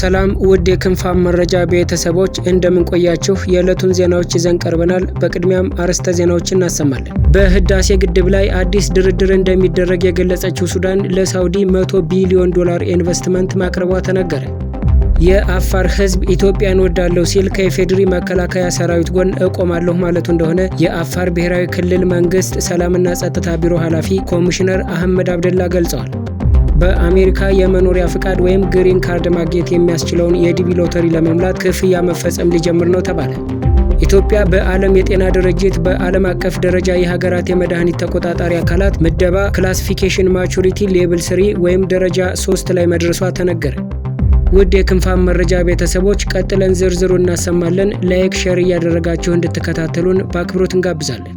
ሰላም ውድ የክንፋም መረጃ ቤተሰቦች እንደምንቆያችሁ፣ የዕለቱን ዜናዎች ይዘን ቀርበናል። በቅድሚያም አርዕስተ ዜናዎችን እናሰማለን። በህዳሴ ግድብ ላይ አዲስ ድርድር እንደሚደረግ የገለጸችው ሱዳን ለሳውዲ 100 ቢሊዮን ዶላር ኢንቨስትመንት ማቅረቧ ተነገረ። የአፋር ህዝብ ኢትዮጵያን ወዳለው ሲል ከኢፌዴሪ መከላከያ ሰራዊት ጎን እቆማለሁ ማለቱ እንደሆነ የአፋር ብሔራዊ ክልል መንግስት ሰላምና ጸጥታ ቢሮ ኃላፊ ኮሚሽነር አህመድ አብደላ ገልጸዋል። በአሜሪካ የመኖሪያ ፍቃድ ወይም ግሪን ካርድ ማግኘት የሚያስችለውን የዲቢ ሎተሪ ለመሙላት ክፍያ መፈጸም ሊጀምር ነው ተባለ። ኢትዮጵያ በዓለም የጤና ድርጅት በዓለም አቀፍ ደረጃ የሀገራት የመድኃኒት ተቆጣጣሪ አካላት ምደባ ክላሲፊኬሽን ማቹሪቲ ሌብል ስሪ ወይም ደረጃ ሶስት ላይ መድረሷ ተነገረ። ውድ የክንፋም መረጃ ቤተሰቦች ቀጥለን ዝርዝሩ እናሰማለን። ላይክ፣ ሼር እያደረጋችሁ እንድትከታተሉን በአክብሮት እንጋብዛለን።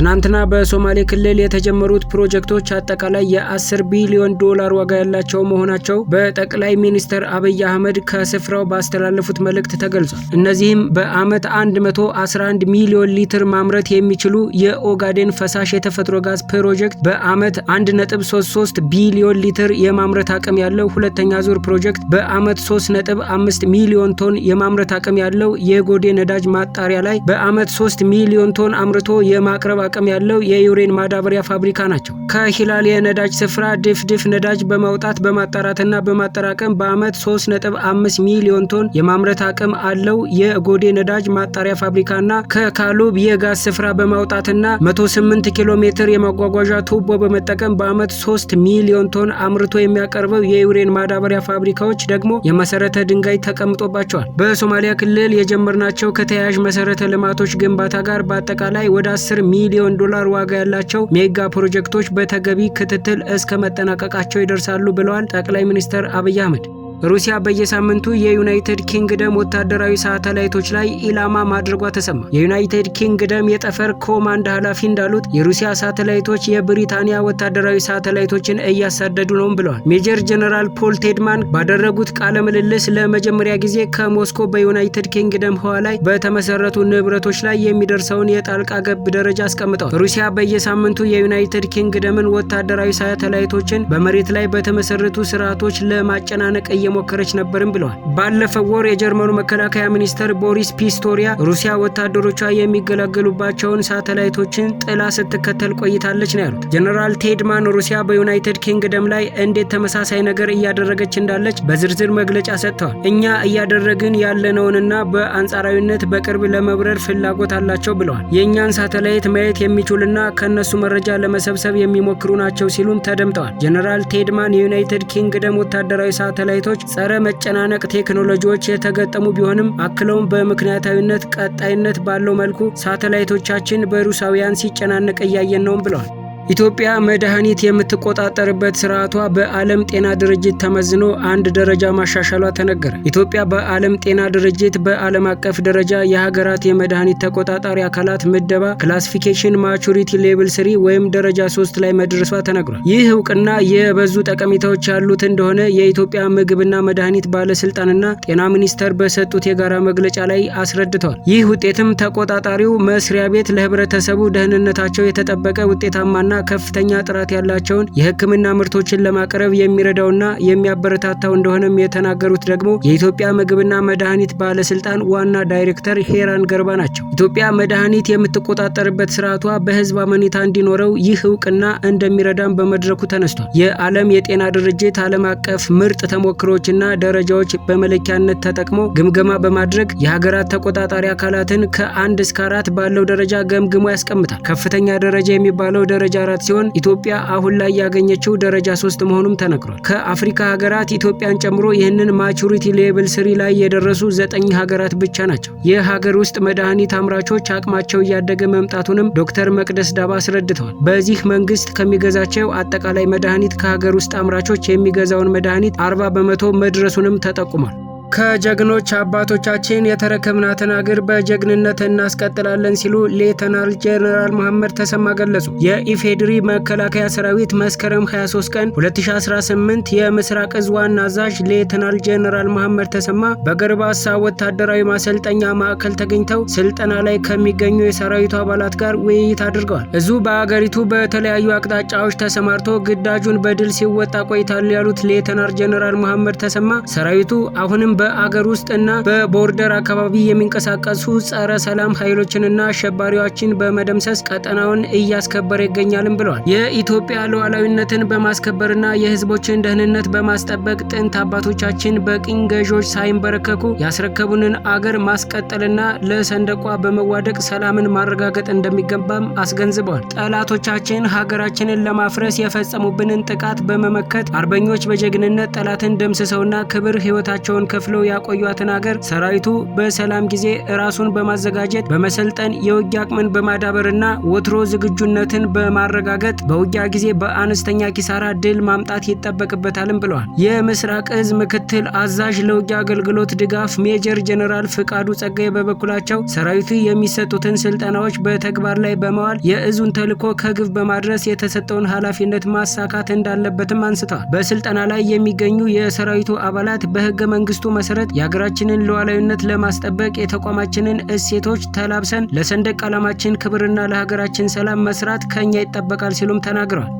ትናንትና በሶማሌ ክልል የተጀመሩት ፕሮጀክቶች አጠቃላይ የ10 ቢሊዮን ዶላር ዋጋ ያላቸው መሆናቸው በጠቅላይ ሚኒስትር አብይ አህመድ ከስፍራው ባስተላለፉት መልእክት ተገልጿል። እነዚህም በአመት 111 ሚሊዮን ሊትር ማምረት የሚችሉ የኦጋዴን ፈሳሽ የተፈጥሮ ጋዝ ፕሮጀክት በዓመት 1.33 ቢሊዮን ሊትር የማምረት አቅም ያለው ሁለተኛ ዙር ፕሮጀክት በዓመት 3.5 ሚሊዮን ቶን የማምረት አቅም ያለው የጎዴ ነዳጅ ማጣሪያ ላይ በዓመት 3 ሚሊዮን ቶን አምርቶ የማቅረብ አቅም ያለው የዩሬን ማዳበሪያ ፋብሪካ ናቸው። ከሂላል የነዳጅ ስፍራ ድፍድፍ ነዳጅ በማውጣት በማጣራትና በማጠራቀም በዓመት 3.5 ሚሊዮን ቶን የማምረት አቅም አለው። የጎዴ ነዳጅ ማጣሪያ ፋብሪካና ከካሉብ የጋዝ ስፍራ በማውጣትና 108 ኪሎ ሜትር የማጓጓዣ ቱቦ በመጠቀም በዓመት 3 ሚሊዮን ቶን አምርቶ የሚያቀርበው የዩሬን ማዳበሪያ ፋብሪካዎች ደግሞ የመሰረተ ድንጋይ ተቀምጦባቸዋል። በሶማሊያ ክልል የጀመርናቸው ከተያያዥ መሰረተ ልማቶች ግንባታ ጋር በአጠቃላይ ወደ 10 ሚሊዮን ቢሊዮን ዶላር ዋጋ ያላቸው ሜጋ ፕሮጀክቶች በተገቢ ክትትል እስከ መጠናቀቃቸው ይደርሳሉ ብለዋል ጠቅላይ ሚኒስትር አብይ አህመድ። ሩሲያ በየሳምንቱ የዩናይትድ ኪንግደም ወታደራዊ ሳተላይቶች ላይ ኢላማ ማድረጓ ተሰማ። የዩናይትድ ኪንግደም የጠፈር ኮማንድ ኃላፊ እንዳሉት የሩሲያ ሳተላይቶች የብሪታንያ ወታደራዊ ሳተላይቶችን እያሳደዱ ነው ብለዋል። ሜጀር ጀነራል ፖል ቴድማን ባደረጉት ቃለ ምልልስ ለመጀመሪያ ጊዜ ከሞስኮ በዩናይትድ ኪንግደም ህዋ ላይ በተመሰረቱ ንብረቶች ላይ የሚደርሰውን የጣልቃ ገብ ደረጃ አስቀምጠዋል። ሩሲያ በየሳምንቱ የዩናይትድ ኪንግደምን ወታደራዊ ሳተላይቶችን በመሬት ላይ በተመሰረቱ ስርዓቶች ለማጨናነቅ እየ እየሞከረች ነበርም ብለዋል። ባለፈው ወር የጀርመኑ መከላከያ ሚኒስተር ቦሪስ ፒስቶሪያ ሩሲያ ወታደሮቿ የሚገለገሉባቸውን ሳተላይቶችን ጥላ ስትከተል ቆይታለች ነው ያሉት። ጀነራል ቴድማን ሩሲያ በዩናይትድ ኪንግደም ላይ እንዴት ተመሳሳይ ነገር እያደረገች እንዳለች በዝርዝር መግለጫ ሰጥተዋል። እኛ እያደረግን ያለነውንና በአንጻራዊነት በቅርብ ለመብረር ፍላጎት አላቸው ብለዋል። የእኛን ሳተላይት ማየት የሚችሉና ከነሱ መረጃ ለመሰብሰብ የሚሞክሩ ናቸው ሲሉም ተደምጠዋል። ጀነራል ቴድማን የዩናይትድ ኪንግደም ወታደራዊ ሳተላይቶች ቴክኖሎጂዎች ጸረ መጨናነቅ ቴክኖሎጂዎች የተገጠሙ ቢሆንም አክለውም በምክንያታዊነት ቀጣይነት ባለው መልኩ ሳተላይቶቻችን በሩሳውያን ሲጨናነቅ እያየን ነውም ብለዋል። ኢትዮጵያ መድኃኒት የምትቆጣጠርበት ስርዓቷ በዓለም ጤና ድርጅት ተመዝኖ አንድ ደረጃ ማሻሻሏ ተነገረ። ኢትዮጵያ በዓለም ጤና ድርጅት በዓለም አቀፍ ደረጃ የሀገራት የመድኃኒት ተቆጣጣሪ አካላት ምደባ ክላሲፊኬሽን ማቹሪቲ ሌቭል ስሪ ወይም ደረጃ ሶስት ላይ መድረሷ ተነግሯል። ይህ እውቅና የበዙ ጠቀሜታዎች ያሉት እንደሆነ የኢትዮጵያ ምግብና መድኃኒት ባለስልጣንና ጤና ሚኒስቴር በሰጡት የጋራ መግለጫ ላይ አስረድተዋል። ይህ ውጤትም ተቆጣጣሪው መስሪያ ቤት ለህብረተሰቡ ደህንነታቸው የተጠበቀ ውጤታማና ከፍተኛ ጥራት ያላቸውን የሕክምና ምርቶችን ለማቅረብ የሚረዳውና የሚያበረታታው እንደሆነም የተናገሩት ደግሞ የኢትዮጵያ ምግብና መድኃኒት ባለስልጣን ዋና ዳይሬክተር ሄራን ገርባ ናቸው። ኢትዮጵያ መድኃኒት የምትቆጣጠርበት ስርዓቷ በህዝብ አመኔታ እንዲኖረው ይህ እውቅና እንደሚረዳም በመድረኩ ተነስቷል። የዓለም የጤና ድርጅት ዓለም አቀፍ ምርጥ ተሞክሮችና ደረጃዎች በመለኪያነት ተጠቅሞ ግምገማ በማድረግ የሀገራት ተቆጣጣሪ አካላትን ከአንድ እስከ አራት ባለው ደረጃ ገምግሞ ያስቀምጣል። ከፍተኛ ደረጃ የሚባለው ደረጃ 2014 ሲሆን ኢትዮጵያ አሁን ላይ ያገኘችው ደረጃ ሶስት መሆኑም ተነግሯል። ከአፍሪካ ሀገራት ኢትዮጵያን ጨምሮ ይህንን ማቹሪቲ ሌብል ስሪ ላይ የደረሱ ዘጠኝ ሀገራት ብቻ ናቸው። የሀገር ውስጥ መድኃኒት አምራቾች አቅማቸው እያደገ መምጣቱንም ዶክተር መቅደስ ዳባ አስረድተዋል። በዚህ መንግስት ከሚገዛቸው አጠቃላይ መድኃኒት ከሀገር ውስጥ አምራቾች የሚገዛውን መድኃኒት 40 በመቶ መድረሱንም ተጠቁሟል። ከጀግኖች አባቶቻችን የተረከብናትን አገር በጀግንነት እናስቀጥላለን ሲሉ ሌተናል ጄኔራል መሐመድ ተሰማ ገለጹ። የኢፌድሪ መከላከያ ሰራዊት መስከረም 23 ቀን 2018 የምስራቅ እዝ ዋና አዛዥ ሌተናል ጄኔራል መሐመድ ተሰማ በገርባሳ ወታደራዊ ማሰልጠኛ ማዕከል ተገኝተው ስልጠና ላይ ከሚገኙ የሰራዊቱ አባላት ጋር ውይይት አድርገዋል። እዙ በአገሪቱ በተለያዩ አቅጣጫዎች ተሰማርቶ ግዳጁን በድል ሲወጣ ቆይታል ያሉት ሌተናል ጄኔራል መሐመድ ተሰማ ሰራዊቱ አሁንም በአገር ውስጥ እና በቦርደር አካባቢ የሚንቀሳቀሱ ጸረ ሰላም ኃይሎችንና አሸባሪዎችን በመደምሰስ ቀጠናውን እያስከበረ ይገኛልም ብለዋል። የኢትዮጵያ ሉዓላዊነትን በማስከበርና የህዝቦችን ደህንነት በማስጠበቅ ጥንት አባቶቻችን በቅኝ ገዢዎች ሳይንበረከኩ ያስረከቡንን አገር ማስቀጠልና ለሰንደቋ በመዋደቅ ሰላምን ማረጋገጥ እንደሚገባም አስገንዝበዋል። ጠላቶቻችን ሀገራችንን ለማፍረስ የፈጸሙብንን ጥቃት በመመከት አርበኞች በጀግንነት ጠላትን ደምስሰውና ክብር ህይወታቸውን ከፍ ከፋፍለው ያቆዩትን ሀገር ሰራዊቱ በሰላም ጊዜ ራሱን በማዘጋጀት በመሰልጠን የውጊያ አቅምን በማዳበርና ወትሮ ዝግጁነትን በማረጋገጥ በውጊያ ጊዜ በአነስተኛ ኪሳራ ድል ማምጣት ይጠበቅበታልም ብለዋል። የምስራቅ እዝ ምክትል አዛዥ ለውጊያ አገልግሎት ድጋፍ ሜጀር ጀነራል ፍቃዱ ጸጋዬ በበኩላቸው ሰራዊቱ የሚሰጡትን ስልጠናዎች በተግባር ላይ በመዋል የእዙን ተልዕኮ ከግብ በማድረስ የተሰጠውን ኃላፊነት ማሳካት እንዳለበትም አንስተዋል። በስልጠና ላይ የሚገኙ የሰራዊቱ አባላት በህገ መንግስቱ መሰረት የሀገራችንን ሉዓላዊነት ለማስጠበቅ የተቋማችንን እሴቶች ተላብሰን ለሰንደቅ ዓላማችን ክብርና ለሀገራችን ሰላም መስራት ከኛ ይጠበቃል ሲሉም ተናግረዋል።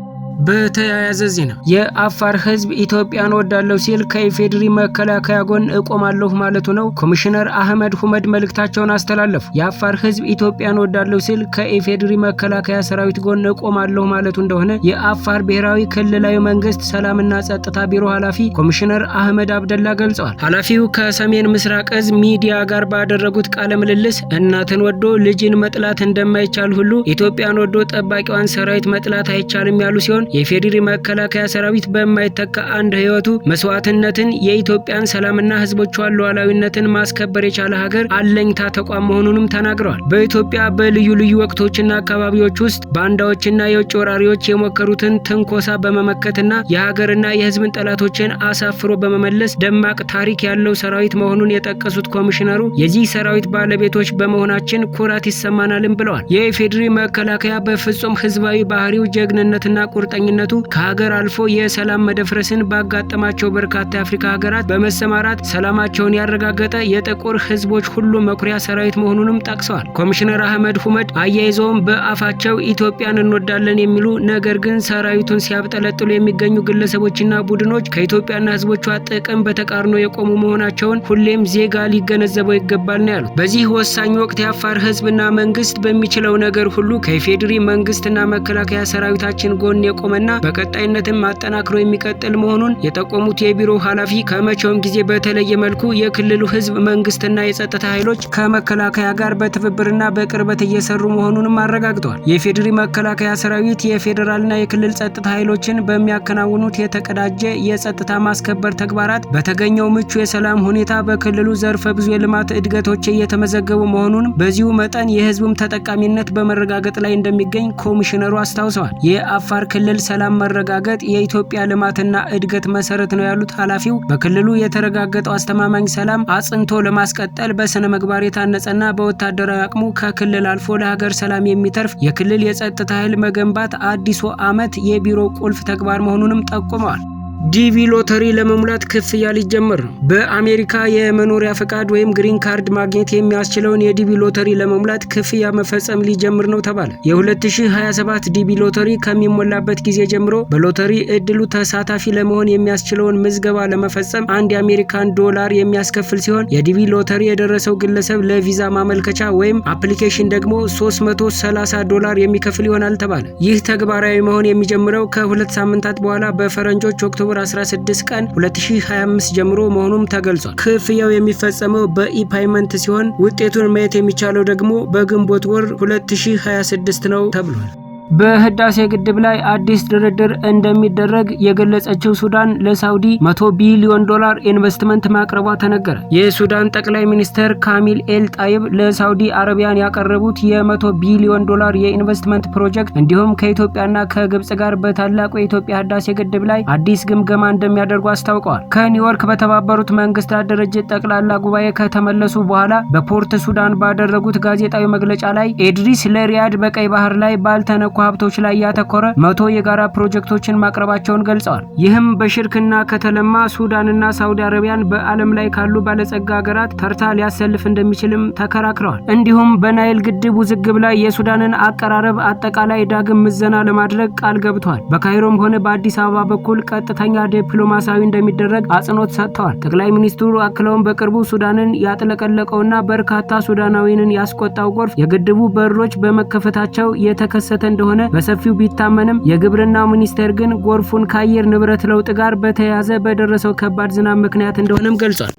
በተያያዘ ዜና የአፋር ህዝብ ኢትዮጵያን ወዳለሁ ሲል ከኢፌዴሪ መከላከያ ጎን እቆማለሁ ማለቱ ነው። ኮሚሽነር አህመድ ሁመድ መልእክታቸውን አስተላለፉ። የአፋር ህዝብ ኢትዮጵያን ወዳለሁ ሲል ከኢፌዴሪ መከላከያ ሰራዊት ጎን እቆማለሁ ማለቱ እንደሆነ የአፋር ብሔራዊ ክልላዊ መንግስት ሰላምና ጸጥታ ቢሮ ኃላፊ ኮሚሽነር አህመድ አብደላ ገልጸዋል። ኃላፊው ከሰሜን ምስራቅ እዝ ሚዲያ ጋር ባደረጉት ቃለ ምልልስ እናትን ወዶ ልጅን መጥላት እንደማይቻል ሁሉ ኢትዮጵያን ወዶ ጠባቂዋን ሰራዊት መጥላት አይቻልም ያሉ ሲሆን የፌዴሪ መከላከያ ሰራዊት በማይተካ አንድ ህይወቱ መስዋዕትነትን የኢትዮጵያን ሰላምና ህዝቦቿን ሉዓላዊነትን ማስከበር የቻለ ሀገር አለኝታ ተቋም መሆኑንም ተናግረዋል። በኢትዮጵያ በልዩ ልዩ ወቅቶችና አካባቢዎች ውስጥ ባንዳዎችና የውጭ ወራሪዎች የሞከሩትን ትንኮሳ በመመከትና የሀገርና የህዝብን ጠላቶችን አሳፍሮ በመመለስ ደማቅ ታሪክ ያለው ሰራዊት መሆኑን የጠቀሱት ኮሚሽነሩ የዚህ ሰራዊት ባለቤቶች በመሆናችን ኩራት ይሰማናልም ብለዋል። የኢፌዴሪ መከላከያ በፍጹም ህዝባዊ ባህሪው ጀግንነትና ቁርጠ አሰልጣኝነቱ ከሀገር አልፎ የሰላም መደፍረስን ባጋጠማቸው በርካታ የአፍሪካ ሀገራት በመሰማራት ሰላማቸውን ያረጋገጠ የጥቁር ህዝቦች ሁሉ መኩሪያ ሰራዊት መሆኑንም ጠቅሰዋል። ኮሚሽነር አህመድ ሁመድ አያይዘውም በአፋቸው ኢትዮጵያን እንወዳለን የሚሉ ነገር ግን ሰራዊቱን ሲያብጠለጥሉ የሚገኙ ግለሰቦችና ቡድኖች ከኢትዮጵያና ህዝቦቿ ጥቅም በተቃርኖ የቆሙ መሆናቸውን ሁሌም ዜጋ ሊገነዘበው ይገባል ነው ያሉት። በዚህ ወሳኝ ወቅት የአፋር ህዝብና መንግስት በሚችለው ነገር ሁሉ ከኢፌዴሪ መንግስትና መከላከያ ሰራዊታችን ጎን የቆመ ያቆመና በቀጣይነትም አጠናክሮ የሚቀጥል መሆኑን የጠቆሙት የቢሮ ኃላፊ ከመቼውም ጊዜ በተለየ መልኩ የክልሉ ህዝብ፣ መንግስትና የጸጥታ ኃይሎች ከመከላከያ ጋር በትብብርና በቅርበት እየሰሩ መሆኑንም አረጋግጠዋል። የፌዴሪ መከላከያ ሰራዊት የፌዴራልና የክልል ጸጥታ ኃይሎችን በሚያከናውኑት የተቀዳጀ የጸጥታ ማስከበር ተግባራት በተገኘው ምቹ የሰላም ሁኔታ በክልሉ ዘርፈ ብዙ የልማት እድገቶች እየተመዘገቡ መሆኑን በዚሁ መጠን የህዝቡም ተጠቃሚነት በመረጋገጥ ላይ እንደሚገኝ ኮሚሽነሩ አስታውሰዋል። የአፋር ክልል ክልል ሰላም መረጋገጥ የኢትዮጵያ ልማትና እድገት መሰረት ነው ያሉት ኃላፊው በክልሉ የተረጋገጠው አስተማማኝ ሰላም አጽንቶ ለማስቀጠል በስነ ምግባር የታነጸና በወታደራዊ አቅሙ ከክልል አልፎ ለሀገር ሰላም የሚተርፍ የክልል የጸጥታ ኃይል መገንባት አዲሱ ዓመት የቢሮ ቁልፍ ተግባር መሆኑንም ጠቁመዋል። ዲቪ ሎተሪ ለመሙላት ክፍያ ሊጀመር ነው። በአሜሪካ የመኖሪያ ፈቃድ ወይም ግሪን ካርድ ማግኘት የሚያስችለውን የዲቪ ሎተሪ ለመሙላት ክፍያ መፈጸም ሊጀምር ነው ተባለ። የ2027 ዲቪ ሎተሪ ከሚሞላበት ጊዜ ጀምሮ በሎተሪ እድሉ ተሳታፊ ለመሆን የሚያስችለውን ምዝገባ ለመፈጸም አንድ የአሜሪካን ዶላር የሚያስከፍል ሲሆን የዲቪ ሎተሪ የደረሰው ግለሰብ ለቪዛ ማመልከቻ ወይም አፕሊኬሽን ደግሞ 330 ዶላር የሚከፍል ይሆናል ተባለ። ይህ ተግባራዊ መሆን የሚጀምረው ከሁለት ሳምንታት በኋላ በፈረንጆች ኦክቶበር ወር 16 ቀን 2025 ጀምሮ መሆኑም ተገልጿል። ክፍያው የሚፈጸመው በኢፓይመንት ሲሆን ውጤቱን ማየት የሚቻለው ደግሞ በግንቦት ወር 2026 ነው ተብሏል። በህዳሴ ግድብ ላይ አዲስ ድርድር እንደሚደረግ የገለጸችው ሱዳን ለሳውዲ 100 ቢሊዮን ዶላር ኢንቨስትመንት ማቅረቧ ተነገረ። የሱዳን ጠቅላይ ሚኒስትር ካሚል ኤል ጣይብ ለሳውዲ አረቢያን ያቀረቡት የ100 ቢሊዮን ዶላር የኢንቨስትመንት ፕሮጀክት እንዲሁም ከኢትዮጵያና ከግብጽ ጋር በታላቁ የኢትዮጵያ ህዳሴ ግድብ ላይ አዲስ ግምገማ እንደሚያደርጉ አስታውቀዋል። ከኒውዮርክ በተባበሩት መንግስታት ድርጅት ጠቅላላ ጉባኤ ከተመለሱ በኋላ በፖርት ሱዳን ባደረጉት ጋዜጣዊ መግለጫ ላይ ኤድሪስ ለሪያድ በቀይ ባህር ላይ ባልተነኳ ሀብቶች ላይ ያተኮረ መቶ የጋራ ፕሮጀክቶችን ማቅረባቸውን ገልጸዋል። ይህም በሽርክና ከተለማ ሱዳንና ሳውዲ አረቢያን በዓለም ላይ ካሉ ባለጸጋ ሀገራት ተርታ ሊያሰልፍ እንደሚችልም ተከራክረዋል። እንዲሁም በናይል ግድብ ውዝግብ ላይ የሱዳንን አቀራረብ አጠቃላይ ዳግም ምዘና ለማድረግ ቃል ገብተዋል። በካይሮም ሆነ በአዲስ አበባ በኩል ቀጥተኛ ዲፕሎማሲያዊ እንደሚደረግ አጽንኦት ሰጥተዋል። ጠቅላይ ሚኒስትሩ አክለውም በቅርቡ ሱዳንን ያጥለቀለቀውና በርካታ ሱዳናዊንን ያስቆጣው ጎርፍ የግድቡ በሮች በመከፈታቸው የተከሰተ እንደሆነ እንደሆነ በሰፊው ቢታመንም የግብርና ሚኒስቴር ግን ጎርፉን ከአየር ንብረት ለውጥ ጋር በተያያዘ በደረሰው ከባድ ዝናብ ምክንያት እንደሆነም ገልጿል።